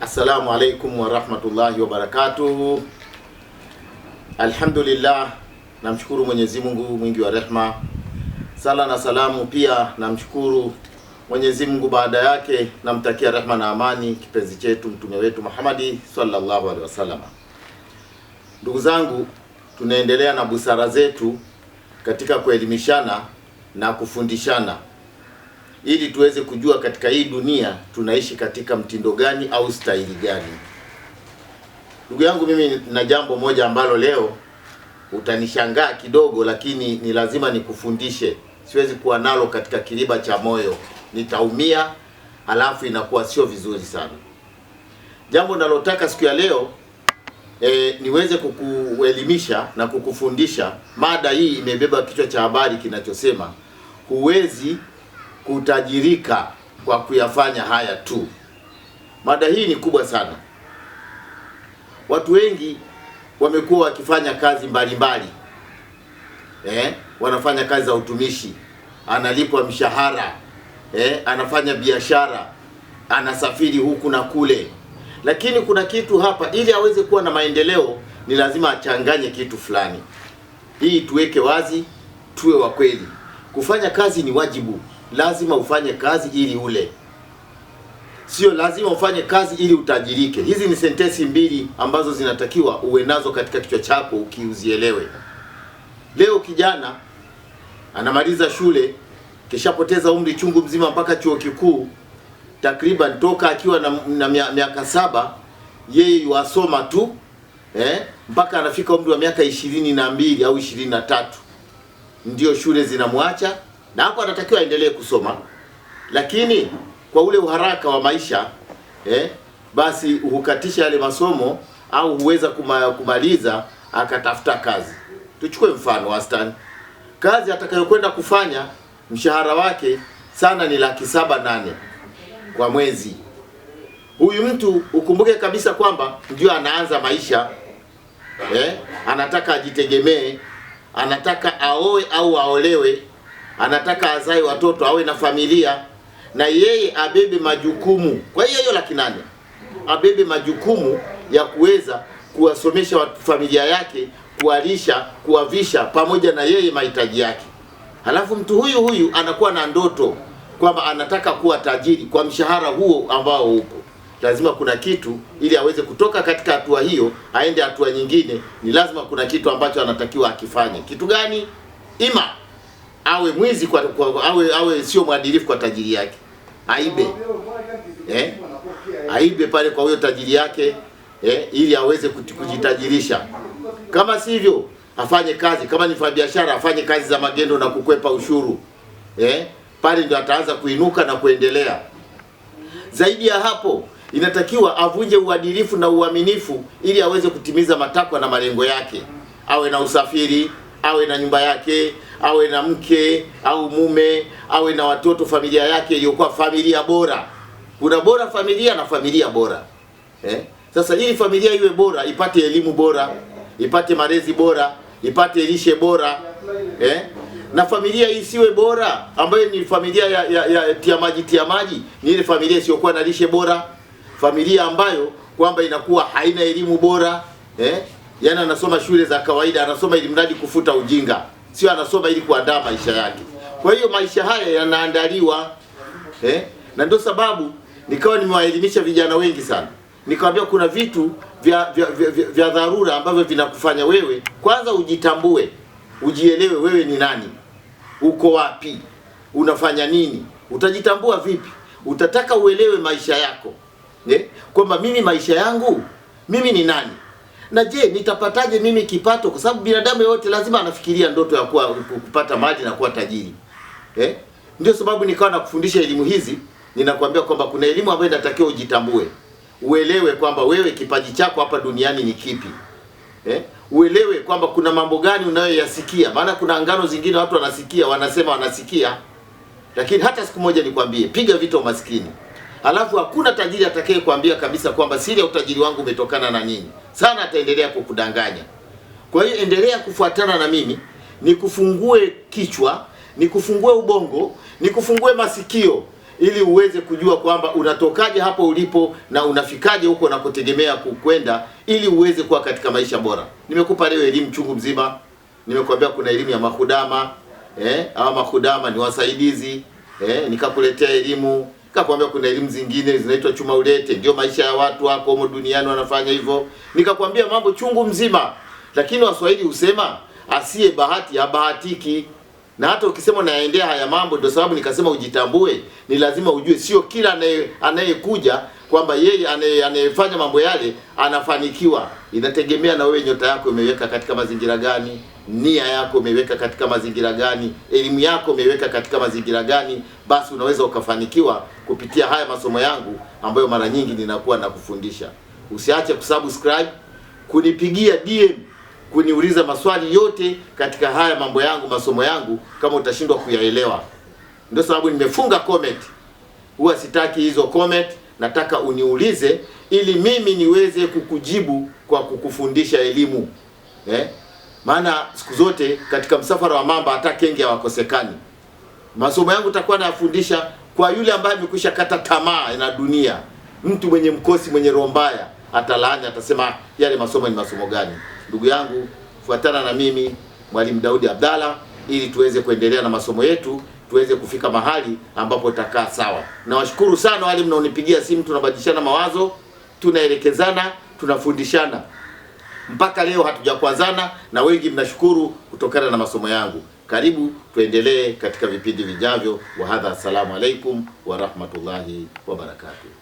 Assalamu alaikum warahmatullahi wabarakatuh Alhamdulillah, namshukuru Mwenyezi Mungu mwingi wa rehma, sala na salamu pia namshukuru Mwenyezi Mungu, baada yake namtakia rehma na amani kipenzi chetu mtume wetu Muhammadi sallallahu alaihi wasallam. Ndugu zangu, tunaendelea na busara zetu katika kuelimishana na kufundishana ili tuweze kujua katika hii dunia tunaishi katika mtindo gani au staili gani. Ndugu yangu, mimi na jambo moja ambalo leo utanishangaa kidogo, lakini ni lazima nikufundishe. Siwezi kuwa nalo katika kiriba cha moyo, nitaumia, halafu inakuwa sio vizuri sana. Jambo nalotaka siku ya leo e, niweze kukuelimisha na kukufundisha. Mada hii imebeba kichwa cha habari kinachosema huwezi kutajirika kwa kuyafanya haya tu. Mada hii ni kubwa sana. Watu wengi wamekuwa wakifanya kazi mbalimbali mbali. Eh, wanafanya kazi za utumishi, analipwa mshahara eh, anafanya biashara, anasafiri huku na kule, lakini kuna kitu hapa, ili aweze kuwa na maendeleo ni lazima achanganye kitu fulani. Hii tuweke wazi, tuwe wa kweli. Kufanya kazi ni wajibu lazima ufanye kazi ili ule, sio lazima ufanye kazi ili utajirike. Hizi ni sentensi mbili ambazo zinatakiwa uwe nazo katika kichwa chako ukiuzielewe. Leo kijana anamaliza shule kishapoteza umri chungu mzima mpaka chuo kikuu, takriban toka akiwa na, na miaka saba yeye yuasoma tu eh, mpaka anafika umri wa miaka ishirini na mbili au ishirini na tatu ndio shule zinamwacha na hapo anatakiwa aendelee kusoma, lakini kwa ule uharaka wa maisha eh, basi hukatisha yale masomo au huweza kuma, kumaliza akatafuta kazi. Tuchukue mfano wastani, kazi atakayokwenda kufanya mshahara wake sana ni laki saba nane kwa mwezi. Huyu mtu ukumbuke kabisa kwamba ndio anaanza maisha eh, anataka ajitegemee, anataka aoe au aolewe anataka azae watoto awe na familia na yeye abebe majukumu. Kwa hiyo hiyo laki nane abebe majukumu ya kuweza kuwasomesha familia yake, kuwalisha, kuwavisha pamoja na yeye mahitaji yake. Halafu mtu huyu huyu anakuwa na ndoto kwamba anataka kuwa tajiri kwa mshahara huo ambao upo. Lazima kuna kitu ili aweze kutoka katika hatua hiyo aende hatua nyingine, ni lazima kuna kitu ambacho anatakiwa akifanye. Kitu gani? ima awe mwizi kwa, kwa, awe, awe sio mwadilifu kwa tajiri yake, aibe eh? aibe pale kwa huyo tajiri yake eh? ili aweze kujitajirisha. Kama sivyo afanye kazi, kama ni mfanyabiashara afanye kazi za magendo na kukwepa ushuru eh? pale ndio ataanza kuinuka na kuendelea. Zaidi ya hapo, inatakiwa avunje uadilifu na uaminifu ili aweze kutimiza matakwa na malengo yake. Awe na usafiri, awe na nyumba yake, awe na mke au mume, awe na watoto, familia yake iliyokuwa familia bora. Kuna bora familia na familia bora eh? Sasa hii familia iwe bora, ipate elimu bora, ipate malezi bora, ipate lishe bora eh? na familia isiwe bora ambayo ni familia ya, ya, ya tia maji tia maji, ni ile familia isiyokuwa na lishe bora, familia ambayo kwamba inakuwa haina elimu bora eh? yani anasoma shule za kawaida, anasoma ili mradi kufuta ujinga, sio anasoma ili kuandaa maisha yake. Kwa hiyo maisha haya yanaandaliwa eh? na ndio sababu nikawa nimewaelimisha vijana wengi sana, nikawambia kuna vitu vya, vya, vya, vya, vya dharura ambavyo vinakufanya wewe kwanza ujitambue, ujielewe wewe ni nani, uko wapi, unafanya nini. Utajitambua vipi? Utataka uelewe maisha yako eh? kwamba mimi maisha yangu mimi ni nani na je, nitapataje mimi kipato? Kwa sababu binadamu yote lazima anafikiria ndoto ya kuwa kupata mali na kuwa tajiri eh? Ndio sababu nikawa nakufundisha elimu hizi, ninakwambia kwamba kuna elimu ambayo inatakiwa ujitambue, uelewe kwamba wewe kipaji chako hapa duniani ni kipi eh? Uelewe kwamba kuna mambo gani unayoyasikia, maana kuna ngano zingine watu wanasikia, wanasema wanasikia, lakini hata siku moja nikwambie, piga vita umaskini. Alafu hakuna tajiri atakaye kuambia kabisa kwamba siri ya utajiri wangu umetokana na nini. Sana ataendelea kukudanganya. Kwa hiyo endelea kufuatana na mimi, nikufungue kichwa, nikufungue ubongo, nikufungue masikio ili uweze kujua kwamba unatokaje hapo ulipo na unafikaje huko unakotegemea kukwenda ili uweze kuwa katika maisha bora. Nimekupa leo elimu chungu mzima. Nimekuambia kuna elimu ya mahudama, eh, au ni wasaidizi, eh, nikakuletea elimu Nikakwambia kuna elimu zingine zinaitwa chuma ulete, ndio maisha ya watu wako humo duniani wanafanya hivyo. Nikakwambia mambo chungu mzima, lakini Waswahili husema asiye bahati habahatiki na hata ukisema naendea haya mambo, ndio sababu nikasema ujitambue. Ni lazima ujue, sio kila anayekuja kwamba yeye anayefanya mambo yale anafanikiwa. Inategemea na wewe, nyota yako imeweka katika mazingira gani, nia yako umeweka katika mazingira gani, elimu yako umeweka katika mazingira gani, basi unaweza ukafanikiwa kupitia haya masomo yangu ambayo mara nyingi ninakuwa nakufundisha. Usiache kusubscribe, kunipigia DM kuniuliza maswali yote katika haya mambo yangu, masomo yangu, kama utashindwa kuyaelewa. Ndio sababu nimefunga comment. Huwa sitaki hizo comment, nataka uniulize ili mimi niweze kukujibu kwa kukufundisha elimu eh? Maana siku zote katika msafara wa mamba hata kenge hawakosekani. Masomo yangu takuwa nayafundisha kwa yule ambaye amekwisha kata tamaa na dunia. Mtu mwenye mkosi, mwenye roho mbaya atalaani, atasema yale masomo ni masomo gani? ndugu yangu, fuatana na mimi Mwalimu Daudi Abdalla ili tuweze kuendelea na masomo yetu tuweze kufika mahali ambapo itakaa sawa. Nawashukuru sana wale mnaonipigia simu, tunabadilishana mawazo, tunaelekezana, tunafundishana. Mpaka leo hatujakwazana, na wengi mnashukuru kutokana na masomo yangu. Karibu tuendelee katika vipindi vijavyo. Wahadha, assalamu alaikum warahmatullahi wabarakatuh.